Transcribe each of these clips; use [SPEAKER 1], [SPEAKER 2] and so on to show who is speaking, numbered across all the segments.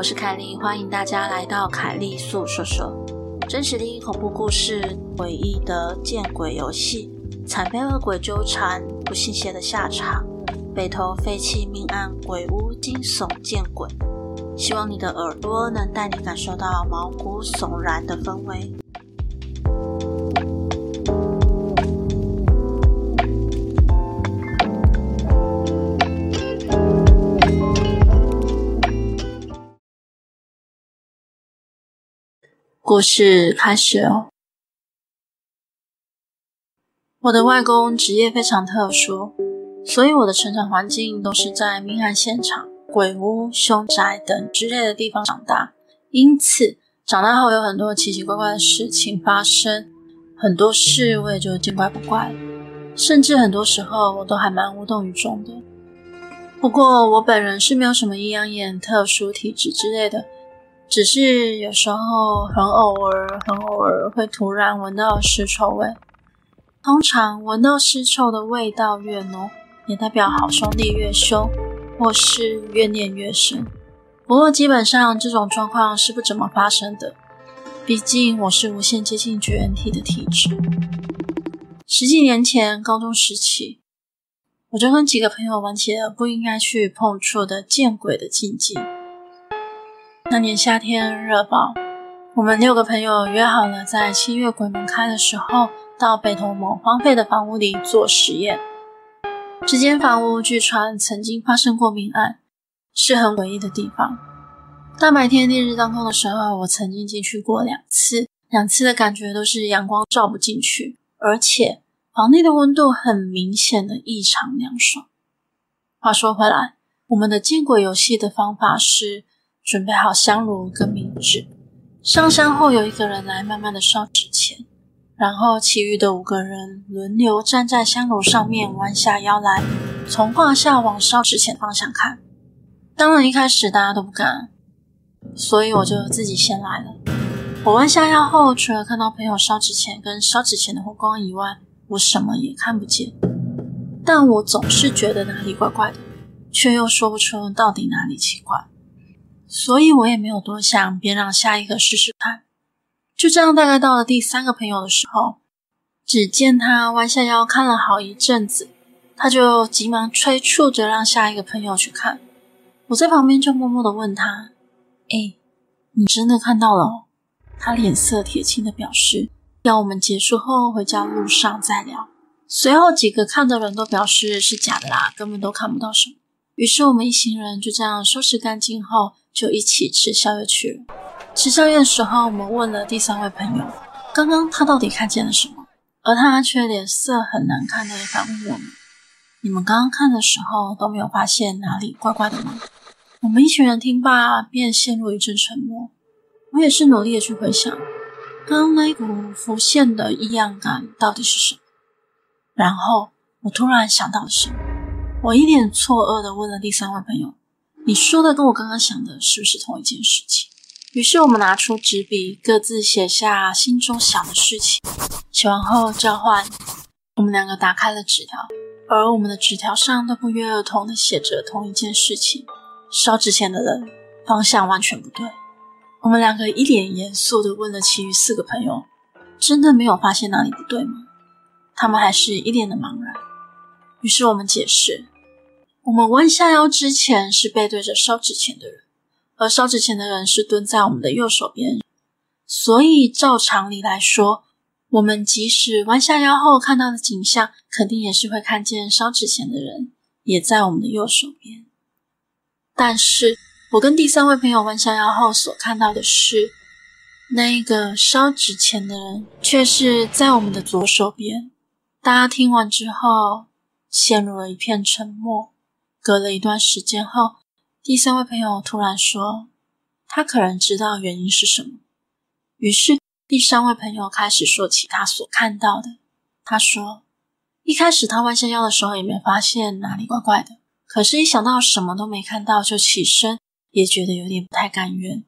[SPEAKER 1] 我是凱莉，歡迎大家來到凱莉粟說說。真實的恐怖故事，詭異的見鬼遊戲，慘被惡鬼糾纏，不信邪的下場，北投廢棄命案鬼屋驚悚見鬼，希望你的耳朵能帶你感受到毛骨悚然的氛圍。故事開始哦。我的外公職業非常特殊，所以我的成長環境都是在命案現場、鬼屋、凶宅等之類的地方長大。因此，長大後有很多奇奇怪怪的事情發生，很多事我也就見怪不怪了，甚至很多時候我都還蠻無動於衷的。不過，我本人是沒有什麼陰陽眼、特殊體質之類的。只是有時候很偶爾、很偶爾會突然聞到屍臭味。通常聞到屍臭的味道越濃，也代表好兄弟越兇，或是怨念越深。不過基本上這種狀況是不怎麼發生的，畢竟我是無限接近絕緣體的體質。十幾年前高中時期，我就跟幾個朋友玩起了不應該去碰觸的見鬼的禁忌。那年夏天熱爆，我們六個朋友約好了，在七月鬼門開的時候，到北投某荒廢的房屋裡做實驗。這間房屋據傳曾經發生過命案，是很詭異的地方。大白天烈日當空的時候，我曾經進去過兩次，兩次的感覺都是陽光照不進去，而且房內的溫度很明顯的異常涼爽。話說回來，我們的見鬼遊戲的方法是。準備好香爐跟冥紙，上香後有一個人來慢慢的燒紙錢，然後其餘的五個人輪流站在香爐上面彎下腰來，從胯下往燒紙錢方向看。當然一開始大家都不敢，所以我就自己先來了。我彎下腰後，除了看到朋友燒紙錢跟燒紙錢的火光以外，我什麼也看不見。但我總是覺得哪裡怪怪的，卻又說不出到底哪裡奇怪。所以我也沒有多想，便讓下一個試試看。就這樣，大概到了第三個朋友的時候，只見他彎下腰看了好一陣子，他就急忙催促着讓下一個朋友去看。我在旁邊就默默地問他：“哎，你真的看到了？”他臉色鐵青的表示：“要我們結束後回家路上再聊。”隨後幾個看的人都表示是假的啦，根本都看不到什麼。於是我們一行人就這樣收拾乾淨後。就一起吃宵夜去了。吃宵夜的時候，我們問了第三位朋友：“剛剛他到底看見了什麼？”而他卻臉色很難看地反問我們：“你們剛剛看的時候都沒有發現哪裡怪怪的嗎？”我們一群人聽罷，便陷入一陣沉默。我也是努力地去回想，剛剛那一股浮現的異樣感到底是什麼。然後我突然想到了什麼，我一臉錯愕地問了第三位朋友。你說的跟我剛剛想的是不是同一件事情？於是我們拿出紙筆，各自寫下心中想的事情。寫完後交換，我們兩個打開了紙條，而我們的紙條上都不約而同的寫着同一件事情。燒紙錢的人方向完全不對。我們兩個一臉嚴肅的問了其餘四個朋友：“真的沒有發現哪裡不對嗎？”他們還是一臉的茫然。於是我們解釋，我們彎下腰之前是背對着燒紙錢的人，而燒紙錢的人是蹲在我們的右手邊，所以照常理來說，我們即使彎下腰後看到的景象，肯定也是會看見燒紙錢的人也在我們的右手邊。但是，我跟第三位朋友彎下腰後所看到的是，那一個燒紙錢的人卻是在我們的左手邊。大家聽完之後，陷入了一片沉默。隔了一段時間後，第三位朋友突然說：“他可能知道原因是什麼。”於是第三位朋友開始說起他所看到的。他說：“一開始他彎下腰的時候也沒發現哪裡怪怪的，可是，一想到什麼都沒看到就起身，也覺得有點不太甘願。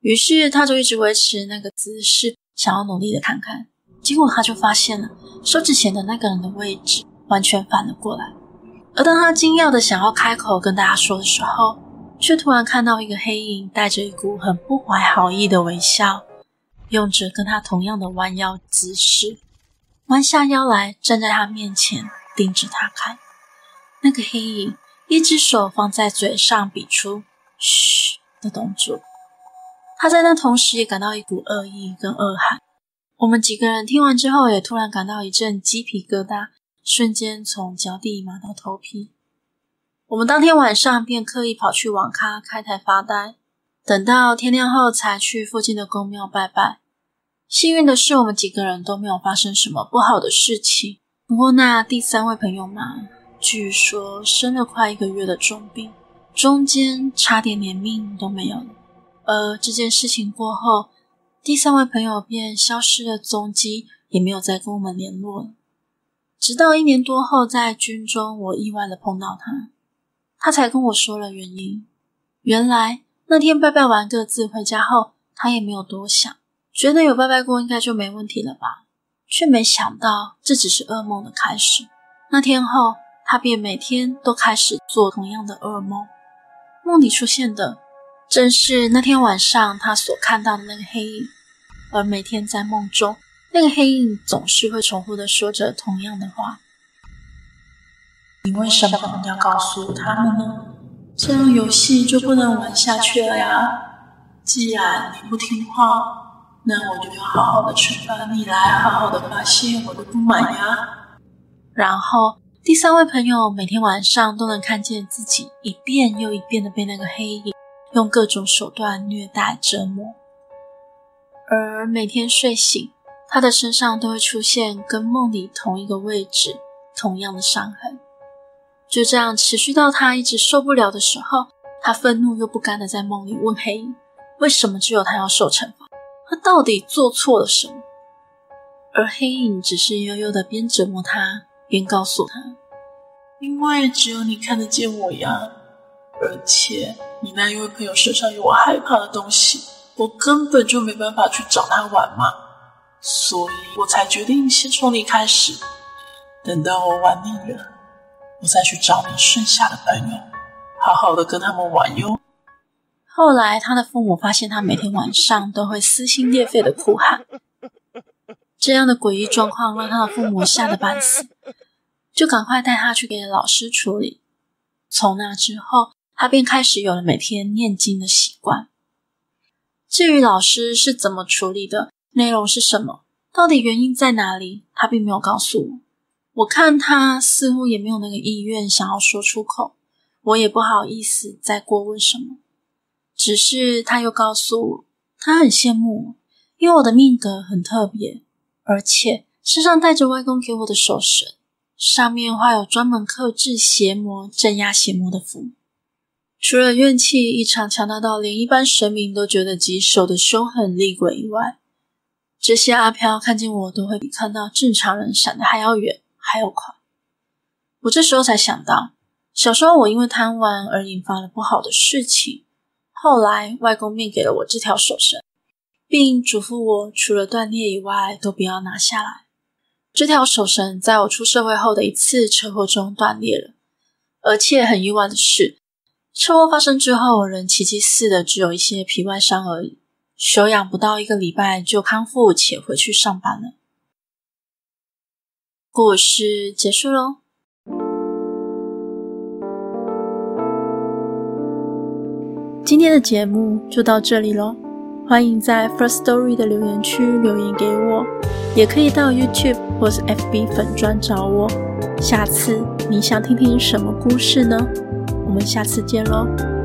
[SPEAKER 1] 於是他就一直維持那個姿勢，想要努力的看看。結果他就發現了，收紙錢的那個人的位置完全反了過來。”而當他驚訝地想要開口跟大家說的時候，卻突然看到一個黑影帶着一股很不懷好意的微笑，用着跟他同樣的彎腰姿勢，彎下腰來站在他面前，盯着他看。那個黑影一隻手放在嘴上，比出“噓”的動作。他在那同時也感到一股惡意跟惡寒。我們幾個人聽完之後，也突然感到一陣雞皮疙瘩。瞬間從腳底麻到頭皮。我們當天晚上便刻意跑去網咖開台發呆，等到天亮後才去附近的宮廟拜拜。幸運的是，我們幾個人都沒有發生什麼不好的事情。不過，那第三位朋友嘛，據說生了快一個月的重病，中間差點連命都沒有了。而這件事情過後，第三位朋友便消失了蹤跡，也沒有再跟我們聯絡了。直到一年多後，在軍中，我意外的碰到他，他才跟我說了原因。原來那天拜拜完各自回家後，他也沒有多想，覺得有拜拜過應該就沒問題了吧，卻沒想到這只是噩夢的開始。那天後，他便每天都開始做同樣的噩夢，夢裡出現的正是那天晚上他所看到的那個黑影，而每天在夢中。那個黑影總是會重複的說着同樣的話。你為什麼要告訴他們呢？這樣遊戲就不能玩下去了呀！既然你不聽話，那我就要好好的懲罰你，來好好的發洩我的不滿呀！然後，第三位朋友每天晚上都能看見自己一遍又一遍的被那個黑影用各種手段虐待折磨，而每天睡醒，他的身上都會出現跟夢裡同一個位置、同樣的傷痕，就這樣持續到他一直受不了的時候，他憤怒又不甘的在夢裡問黑影：“為什麼只有他要受懲罰？他到底做錯了什麼？”而黑影只是悠悠的邊折磨他邊告訴他：“因為只有你看得見我呀，而且你那一位朋友身上有我害怕的東西，我根本就沒辦法去找他玩嘛。”所以我才決定先從你開始，等到我玩膩了，我再去找你剩下的朋友，好好的跟他們玩喲。後來，他的父母發現他每天晚上都會撕心裂肺的哭喊，這樣的詭異狀況讓他的父母嚇得半死，就趕快帶他去給老師處理。從那之後，他便開始有了每天念經的習慣。至於老師是怎麼處理的？內容是什麼？到底原因在哪裡？他並沒有告訴我。我看他似乎也沒有那個意願想要說出口，我也不好意思再過問什麼。只是他又告訴我，他很羨慕我，因為我的命格很特別，而且身上帶着外公給我的手繩，上面畫有專門克制邪魔、鎮壓邪魔的符。除了怨氣異常強大到連一般神明都覺得棘手的凶狠厲鬼以外。這些阿飄看見我，都會比看到正常人閃得還要遠，還要快。我這時候才想到，小時候我因為貪玩而引發了不好的事情，後來外公便給了我這條手繩，並囑咐我除了斷裂以外，都不要拿下來。這條手繩在我出社會後的一次車禍中斷裂了，而且很意外的是，車禍發生之後，人奇蹟似的只有一些皮外傷而已。休養不到一個禮拜就康復且回去上班了。故事結束嘍。今天的節目就到這裡嘍，歡迎在 First Story 的留言區留言給我，也可以到 YouTube 或是 FB 粉專找我。下次你想聽聽什麼故事呢？我們下次見嘍。